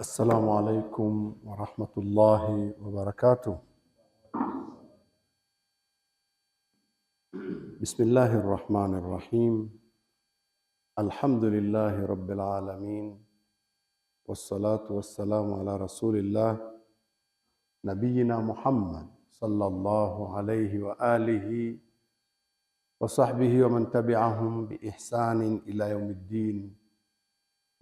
السلام عليكم ورحمة الله وبركاته. بسم الله الرحمن الرحيم. الحمد لله رب العالمين والصلاة والسلام على رسول الله نبينا محمد صلى الله عليه وآله وصحبه ومن تبعهم بإحسان إلى يوم الدين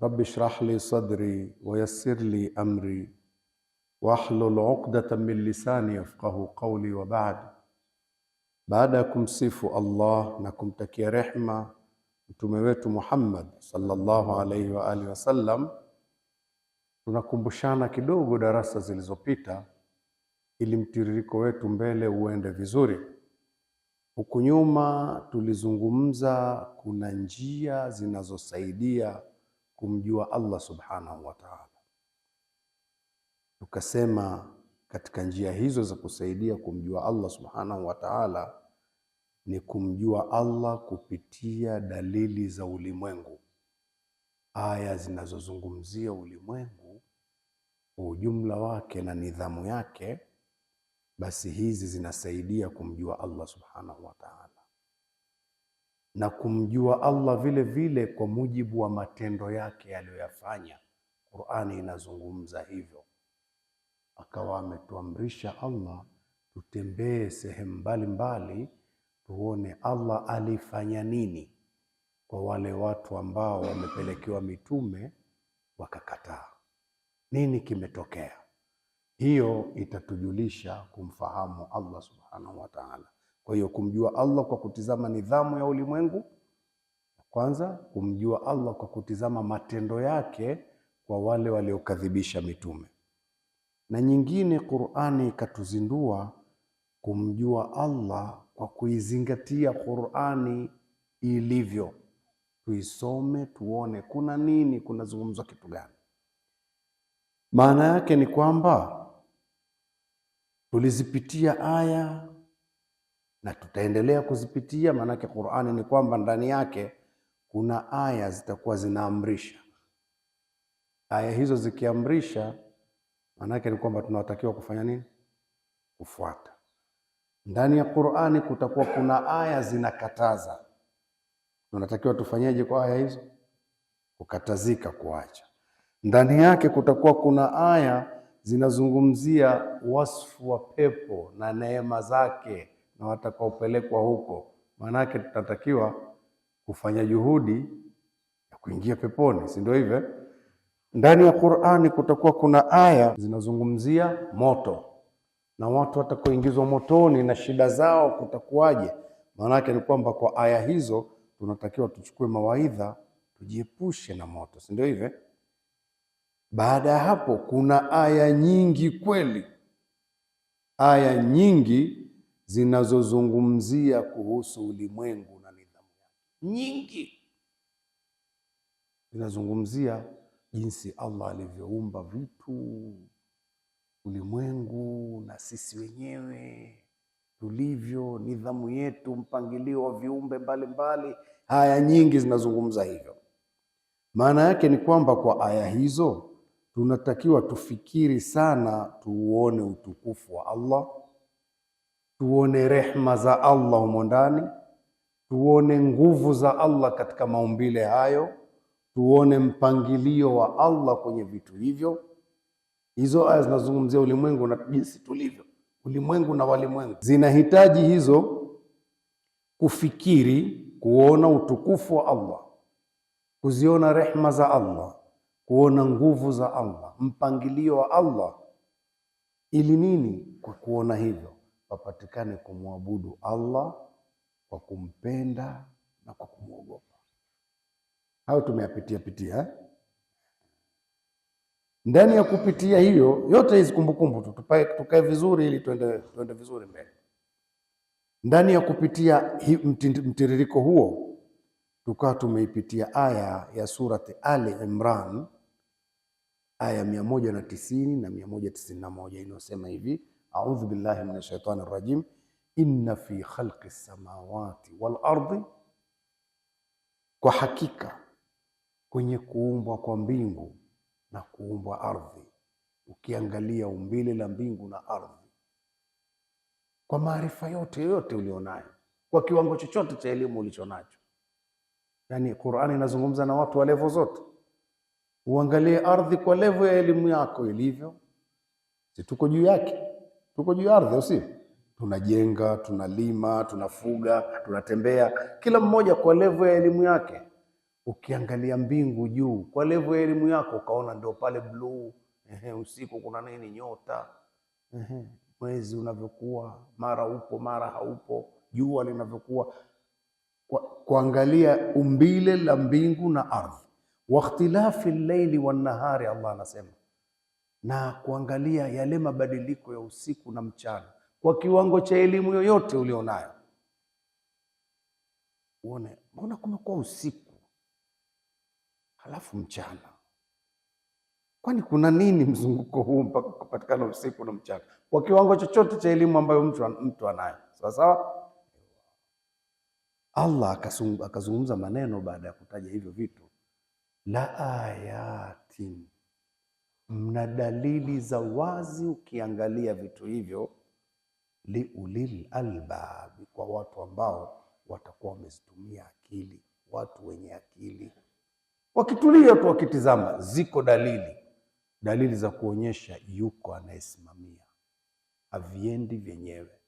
rabbi shrah li sadri wa yassir li amri wahlul uqdatan min lisani yafqahu qawli Baada ya kumsifu Allah na kumtakia rehma mtume wetu Muhammad sallallahu alaihi wa alihi wasallam, tunakumbushana kidogo darasa zilizopita ili mtiririko wetu mbele uende vizuri. Huku nyuma tulizungumza kuna njia zinazosaidia kumjua Allah subhanahu wa ta'ala. Tukasema katika njia hizo za kusaidia kumjua Allah subhanahu wa ta'ala ni kumjua Allah kupitia dalili za ulimwengu, aya zinazozungumzia ulimwengu kwa ujumla wake na nidhamu yake, basi hizi zinasaidia kumjua Allah subhanahu wa ta'ala na kumjua Allah vile vile kwa mujibu wa matendo yake aliyoyafanya. Qur'ani inazungumza hivyo, akawa ametuamrisha Allah tutembee sehemu mbalimbali tuone Allah alifanya nini kwa wale watu ambao wamepelekewa mitume wakakataa. Nini kimetokea? Hiyo itatujulisha kumfahamu Allah subhanahu wa ta'ala. Kwa hiyo kumjua Allah kwa kutizama nidhamu ya ulimwengu kwanza, kumjua Allah kwa kutizama matendo yake kwa wale waliokadhibisha mitume, na nyingine, Qur'ani ikatuzindua kumjua Allah kwa kuizingatia Qur'ani ilivyo, tuisome tuone kuna nini, kunazungumzwa kitu gani. Maana yake ni kwamba tulizipitia aya na tutaendelea kuzipitia, maanake Qur'ani ni kwamba ndani yake kuna aya zitakuwa zinaamrisha. Aya hizo zikiamrisha, maanake ni kwamba tunatakiwa kufanya nini? Kufuata. Ndani ya Qur'ani kutakuwa kuna aya zinakataza, tunatakiwa tufanyeje kwa aya hizo? Kukatazika, kuacha. Ndani yake kutakuwa kuna aya zinazungumzia wasfu wa pepo na neema zake na watakaopelekwa huko. Maanake tutatakiwa kufanya juhudi ya kuingia peponi, si ndio hivyo? Ndani ya Qur'ani kutakuwa kuna aya zinazungumzia moto na watu watakaoingizwa motoni na shida zao kutakuwaje. Maanake ni kwamba kwa aya hizo tunatakiwa tuchukue mawaidha, tujiepushe na moto, si ndio hivyo? Baada ya hapo kuna aya nyingi kweli, aya nyingi zinazozungumzia kuhusu ulimwengu na nidhamu yake, nyingi zinazungumzia jinsi Allah alivyoumba vitu, ulimwengu na sisi wenyewe tulivyo, nidhamu yetu, mpangilio wa viumbe mbalimbali. Aya nyingi zinazungumza hivyo. Maana yake ni kwamba kwa aya hizo tunatakiwa tufikiri sana, tuuone utukufu wa Allah tuone rehma za Allah humo ndani, tuone nguvu za Allah katika maumbile hayo, tuone mpangilio wa Allah kwenye vitu hivyo. Hizo aya zinazungumzia ulimwengu na jinsi tulivyo ulimwengu na walimwengu, zinahitaji hizo kufikiri, kuona utukufu wa Allah, kuziona rehma za Allah, kuona nguvu za Allah, mpangilio wa Allah, ili nini? Kwa kuona hivyo papatikane kumwabudu Allah kwa kumpenda na kwa kumwogopa. Hayo tumeyapitia pitia eh? Ndani ya kupitia hiyo yote hizi kumbukumbu tu, tukae vizuri ili tuende, tuende vizuri mbele. Ndani ya kupitia mtiririko huo tukawa tumeipitia aya ya surati Ali Imran aya mia moja na tisini na mia moja tisini na moja inayosema hivi A'udhu billahi min shaitani rajim. Inna fi khalqi samawati wal ardi, kwa hakika kwenye kuumbwa kwa mbingu na kuumbwa ardhi. Ukiangalia umbile la mbingu na ardhi kwa maarifa yote yote ulionayo, kwa kiwango chochote cha elimu ulichonacho, yaani Qur'ani inazungumza na watu wa levo zote. Uangalie ardhi kwa levo ya elimu yako ilivyo, si tuko juu yake tuko juu ya ardhi, au si? Tunajenga, tunalima, tunafuga, tunatembea, kila mmoja kwa levo ya elimu yake. Ukiangalia mbingu juu kwa levo ya elimu yako, ukaona ndio pale bluu, ehe, usiku kuna nini, nyota, ehe, mwezi unavyokuwa, mara upo mara haupo, jua linavyokuwa, kuangalia umbile la mbingu na ardhi, wakhtilafi llaili wannahari, Allah anasema na kuangalia yale mabadiliko ya usiku na mchana kwa kiwango cha elimu yoyote ulionayo, uone mbona kumekuwa usiku halafu mchana. Kwani kuna nini mzunguko huu mpaka kupatikana usiku na mchana kwa kiwango chochote cha elimu ambayo mtu, mtu anayo sawa sawa. Allah akazungumza maneno baada ya kutaja hivyo vitu, la ayatin mna dalili za wazi ukiangalia vitu hivyo, liulil albab, kwa watu ambao watakuwa wamezitumia akili, watu wenye akili. Wakitulia tu wakitizama, ziko dalili, dalili za kuonyesha yuko anayesimamia, haviendi vyenyewe,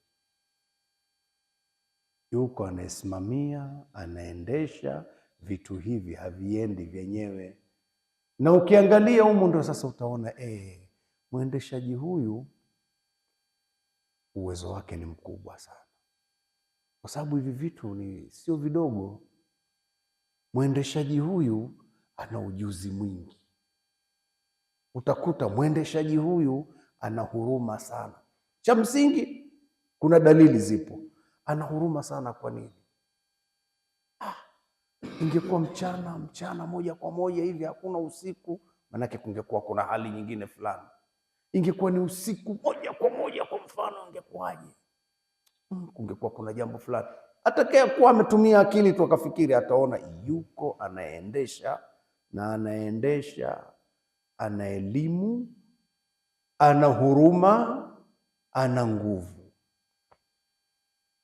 yuko anayesimamia, anaendesha vitu hivi, haviendi vyenyewe na ukiangalia humu ndo sasa utaona eh, mwendeshaji huyu uwezo wake ni mkubwa sana, kwa sababu hivi vitu ni sio vidogo. Mwendeshaji huyu ana ujuzi mwingi. Utakuta mwendeshaji huyu ana huruma sana. Cha msingi, kuna dalili zipo, ana huruma sana. Kwa nini? ingekuwa mchana mchana moja kwa moja hivi, hakuna usiku, manake kungekuwa kuna hali nyingine fulani. Ingekuwa ni usiku moja kwa moja, kwa mfano, ingekuwaje? Hmm, kungekuwa kuna jambo fulani. Atakea kuwa ametumia akili tu akafikiri, ataona yuko anaendesha na anaendesha, ana elimu, ana huruma, ana nguvu,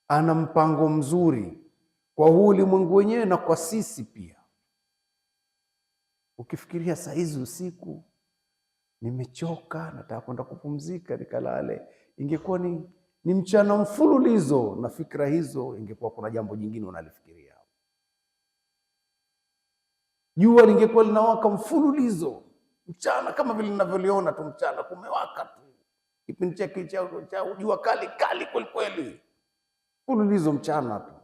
ana mpango mzuri kwa huu ulimwengu wenyewe na kwa sisi pia. Ukifikiria saa hizi usiku, nimechoka, nataka kwenda kupumzika nikalale. Ingekuwa ni, ni mchana mfululizo na fikra hizo, ingekuwa kuna jambo jingine unalifikiria. Jua lingekuwa linawaka mfululizo mchana, kama vile ninavyoliona tu mchana, kumewaka tu kipindi cha jua kali kali kwelikweli, mfululizo mchana tu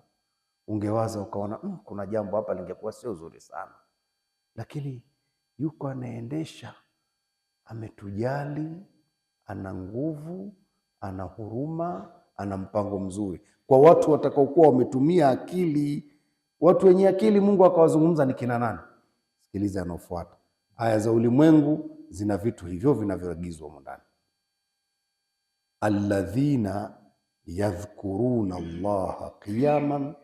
ungewaza ukaona mmm, kuna jambo hapa lingekuwa sio zuri sana, lakini yuko anaendesha, ametujali, ana nguvu, ana huruma, ana mpango mzuri kwa watu watakaokuwa wametumia akili. Watu wenye akili Mungu akawazungumza ni kina nani? Sikiliza anaofuata Aya za ulimwengu zina vitu hivyo vinavyoagizwa humo ndani, alladhina yadhkuruna Allaha qiyaman,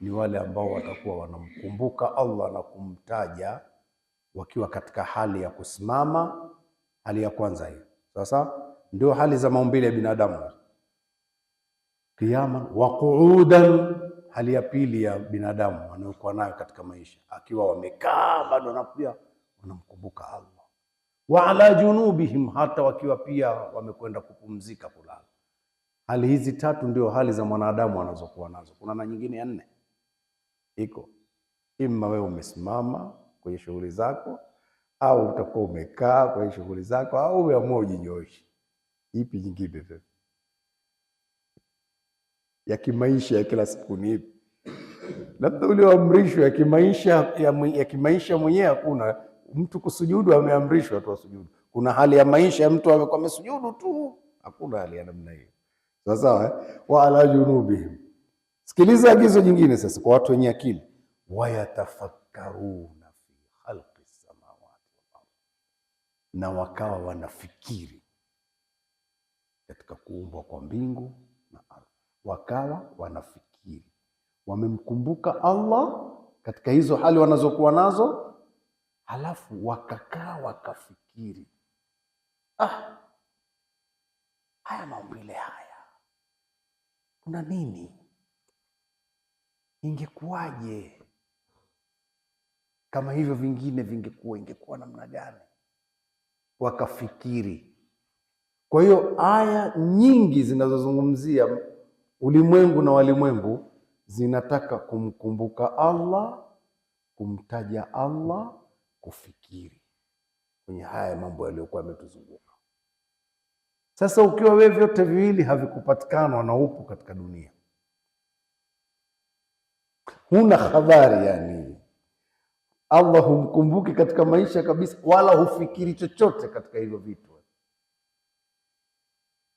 ni wale ambao watakuwa wanamkumbuka Allah na kumtaja wakiwa katika hali ya kusimama. Hali ya kwanza hii sasa ndio hali za maumbile ya binadamu qiyaman wa qu'udan, hali ya pili ya binadamu wanayokuwa nayo katika maisha, akiwa wamekaa bado wanapia wanamkumbuka Allah, wa ala junubihim, hata wakiwa pia wamekwenda kupumzika kulala Hali hizi tatu ndio hali za mwanadamu anazokuwa nazo. Kuna na nyingine ya nne iko, imma wewe umesimama kwenye shughuli zako, au utakuwa umekaa kwenye shughuli zako, au umeamua ujinyoshe. Ipi nyingine tena ya kimaisha ya kila siku ni ipi? Labda ulioamrishwa ya kimaisha ya, ya kimaisha mwenyewe hakuna mtu kusujudu, ameamrishwa tu asujudu. Kuna hali ya maisha ya mtu amekuwa amesujudu tu, hakuna hali ya namna hiyo sawa sawa, eh? wa ala junubihim. Sikiliza agizo jingine sasa kwa watu wenye akili, wayatafakkaruna fi khalqi samawati wal ardh, na wakawa wanafikiri katika kuumbwa kwa mbingu na ardhi, wakawa wanafikiri, wamemkumbuka Allah katika hizo hali wanazokuwa nazo, halafu wakakaa wakafikiri, ah, haya maumbile haya kuna nini? Ingekuwaje kama hivyo vingine vingekuwa, ingekuwa namna gani? Wakafikiri. Kwa hiyo aya nyingi zinazozungumzia ulimwengu na walimwengu zinataka kumkumbuka Allah, kumtaja Allah, kufikiri kwenye haya mambo yaliyokuwa yametuzunguka. Sasa ukiwa wewe vyote viwili havikupatikana na upo katika dunia, huna habari yani, Allah humkumbuki katika maisha kabisa, wala hufikiri chochote katika hivyo vitu. Wewe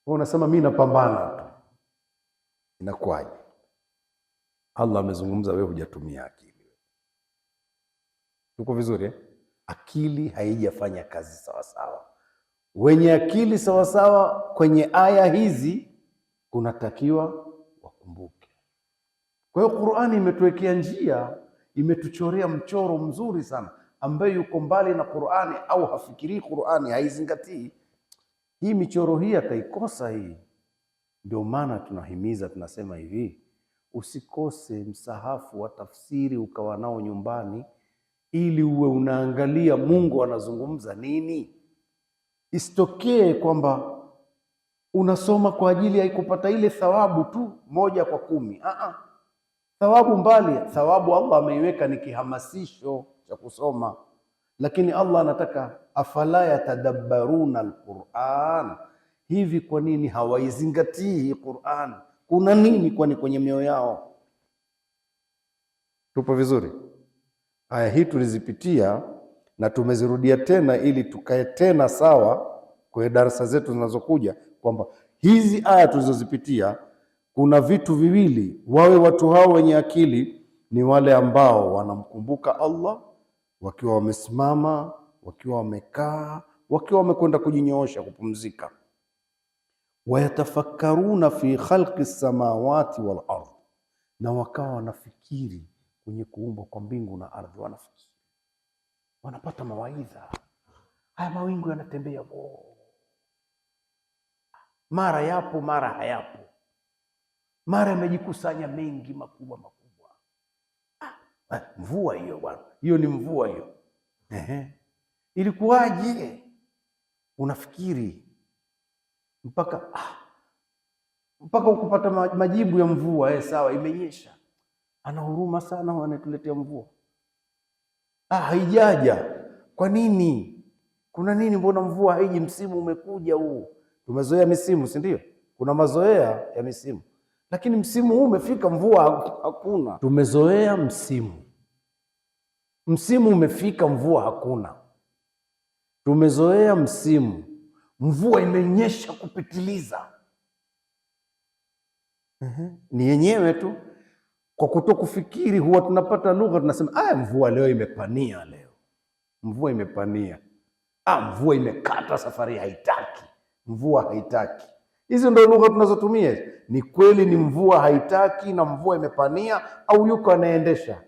unasema mimi napambana tu, inakuwaje? Allah amezungumza, wewe hujatumia akili. Tuko vizuri eh? Akili haijafanya kazi sawasawa wenye akili sawasawa kwenye aya hizi kunatakiwa wakumbuke. Kwa hiyo Qur'ani imetuwekea njia, imetuchorea mchoro mzuri sana. Ambaye yuko mbali na Qur'ani au hafikirii Qur'ani, haizingatii hii michoro hii, ataikosa hii. Ndio maana tunahimiza tunasema hivi, usikose msahafu wa tafsiri ukawa nao nyumbani, ili uwe unaangalia Mungu anazungumza nini Isitokee kwamba unasoma kwa ajili ya kupata ile thawabu tu moja kwa kumi. Aa, thawabu mbali, thawabu Allah ameiweka ni kihamasisho cha kusoma, lakini Allah anataka afala yatadabbaruna alquran, hivi kwa nini hawaizingatii Quran? Kuna nini kwani kwenye mioyo yao? Tupo vizuri? Aya hii tulizipitia na tumezirudia tena ili tukae tena sawa kwenye darasa zetu zinazokuja kwamba hizi aya tulizozipitia kuna vitu viwili, wawe watu hao wenye akili ni wale ambao wanamkumbuka Allah wakiwa wamesimama, wakiwa wamekaa, wakiwa wamekwenda kujinyoosha, kupumzika. Wayatafakkaruna fi khalqi samawati wal ardh, na wakawa wanafikiri kwenye kuumbwa kwa mbingu na ardhi, wanafikiri wanapata mawaidha. Haya mawingu yanatembea mara yapo, mara hayapo, mara yamejikusanya mengi makubwa makubwa. Ah, eh, mvua hiyo bwana, hiyo ni mvua hiyo. ilikuwaje? Unafikiri mpaka ah, mpaka ukupata majibu ya mvua. Eh, sawa, imenyesha. Ana huruma sana, anatuletea mvua Ah, haijaja. Kwa nini? Kuna nini? Mbona mvua haiji? Msimu umekuja huu. Tumezoea misimu, si ndio? Kuna mazoea ya misimu, lakini msimu huu umefika, mvua hakuna. Tumezoea msimu, msimu umefika, mvua hakuna. Tumezoea msimu, mvua imenyesha kupitiliza. Ni yenyewe tu kwa kuto kufikiri huwa tunapata lugha tunasema, aya, mvua leo imepania, leo mvua imepania, ah, mvua imekata, safari haitaki, mvua haitaki. Hizi ndio lugha tunazotumia. Ni kweli ni mvua haitaki na mvua imepania, au yuko anaendesha?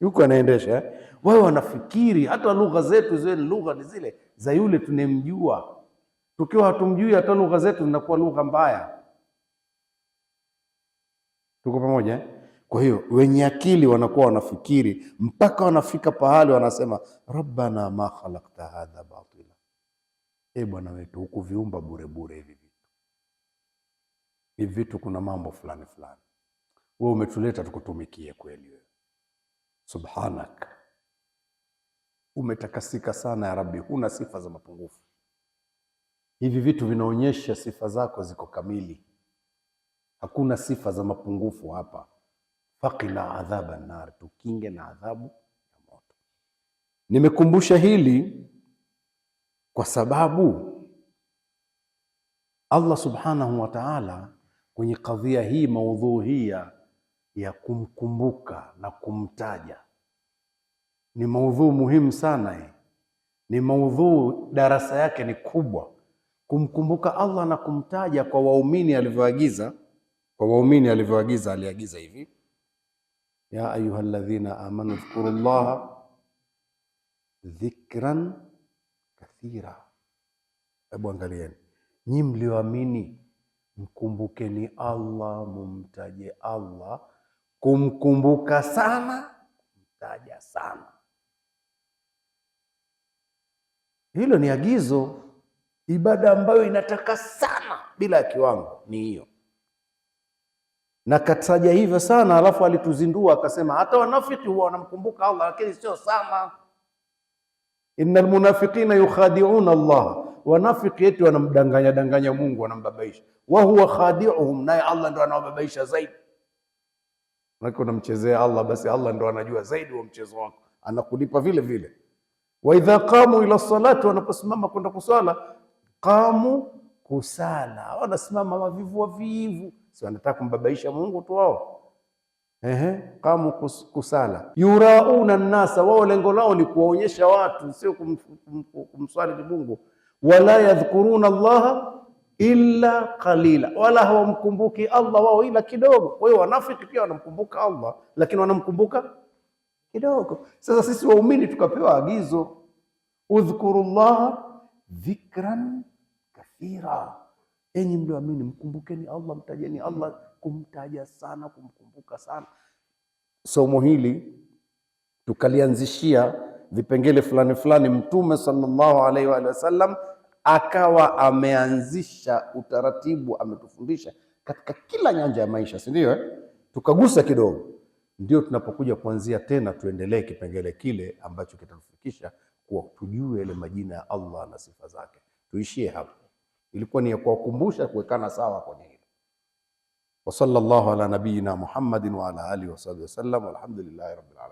Yuko anaendesha eh? Wao wanafikiri hata lugha zetu ziwe ni lugha ni zile za yule tunemjua. Tukiwa hatumjui hata lugha zetu zinakuwa lugha mbaya. Tuko pamoja eh? Kwa hiyo wenye akili wanakuwa wanafikiri mpaka wanafika pahali wanasema rabbana ma khalaqta hadha batila, e Bwana wetu hukuviumba burebure hivi vitu hivi vitu, kuna mambo fulani fulani, wewe umetuleta tukutumikie kweli. Wewe subhanak, umetakasika sana ya Rabbi, huna sifa za mapungufu. Hivi vitu vinaonyesha sifa zako ziko kamili Hakuna sifa za mapungufu hapa. Fakina adhaba nar, tukinge na adhabu ya moto. Nimekumbusha hili kwa sababu Allah subhanahu wa ta'ala kwenye kadhia hii hii ya kumkumbuka na kumtaja ni maudhuu muhimu sana hii. Ni maudhuu darasa yake ni kubwa. Kumkumbuka Allah na kumtaja kwa waumini alivyoagiza kwa waumini alivyoagiza, aliagiza hivi: ya ayuha ladhina amanu dhkuru llaha dhikran kathira. Hebu angalieni nyi mlioamini, mkumbukeni Allah, mumtaje Allah, kumkumbuka sana, kumtaja sana. Hilo ni agizo, ibada ambayo inataka sana bila ya kiwango ni hiyo na kataja hivyo sana, alafu alituzindua akasema, hata wanafiki huwa wanamkumbuka Allah, lakini sio sana. Innal munafiqina yukhadi'una Allah, wanafiki yetu wanamdanganya danganya Mungu, wanambabaisha. Wa huwa khadi'uhum, naye Allah ndo anawababaisha zaidi. Nako unamchezea Allah, basi Allah ndo anajua zaidi wa mchezo wako, anakulipa vile vile. Wa idha qamu ila salati, wanaposimama kwenda kuswala, qamu kusala, wanasimama wavivu wavivu si wanataka kumbabaisha Mungu tu wao. Ehe, kamu kusala yurauna nnasa, wao lengo lao ni kuwaonyesha watu, sio kumswali kum, kum, Mungu. Wala yadhkuruna llaha illa qalila, wala hawamkumbuki Allah wao ila kidogo. Kwa hiyo wanafiki pia wanamkumbuka Allah, lakini wanamkumbuka kidogo. Sasa sisi waumini tukapewa agizo udhkuru llaha dhikran kathira Enyi mlioamini, mkumbukeni Allah, mtajeni Allah, kumtaja sana, kumkumbuka sana. Somo hili tukalianzishia vipengele fulani fulani. Mtume sallallahu alaihi wa sallam akawa ameanzisha utaratibu, ametufundisha katika kila nyanja ya maisha, si ndio? Eh, tukagusa kidogo, ndio tunapokuja kuanzia tena, tuendelee kipengele kile ambacho kitatufikisha kuwa tujue yale majina ya Allah na sifa zake. Tuishie hapo ilikuwa ni ya kuwakumbusha kuwekana sawa kwenye hilo. Wa sallallahu ala nabiyyina Muhammadin wa ala alihi wa sahbihi wasallam, walhamdulillahi rabbil alamin.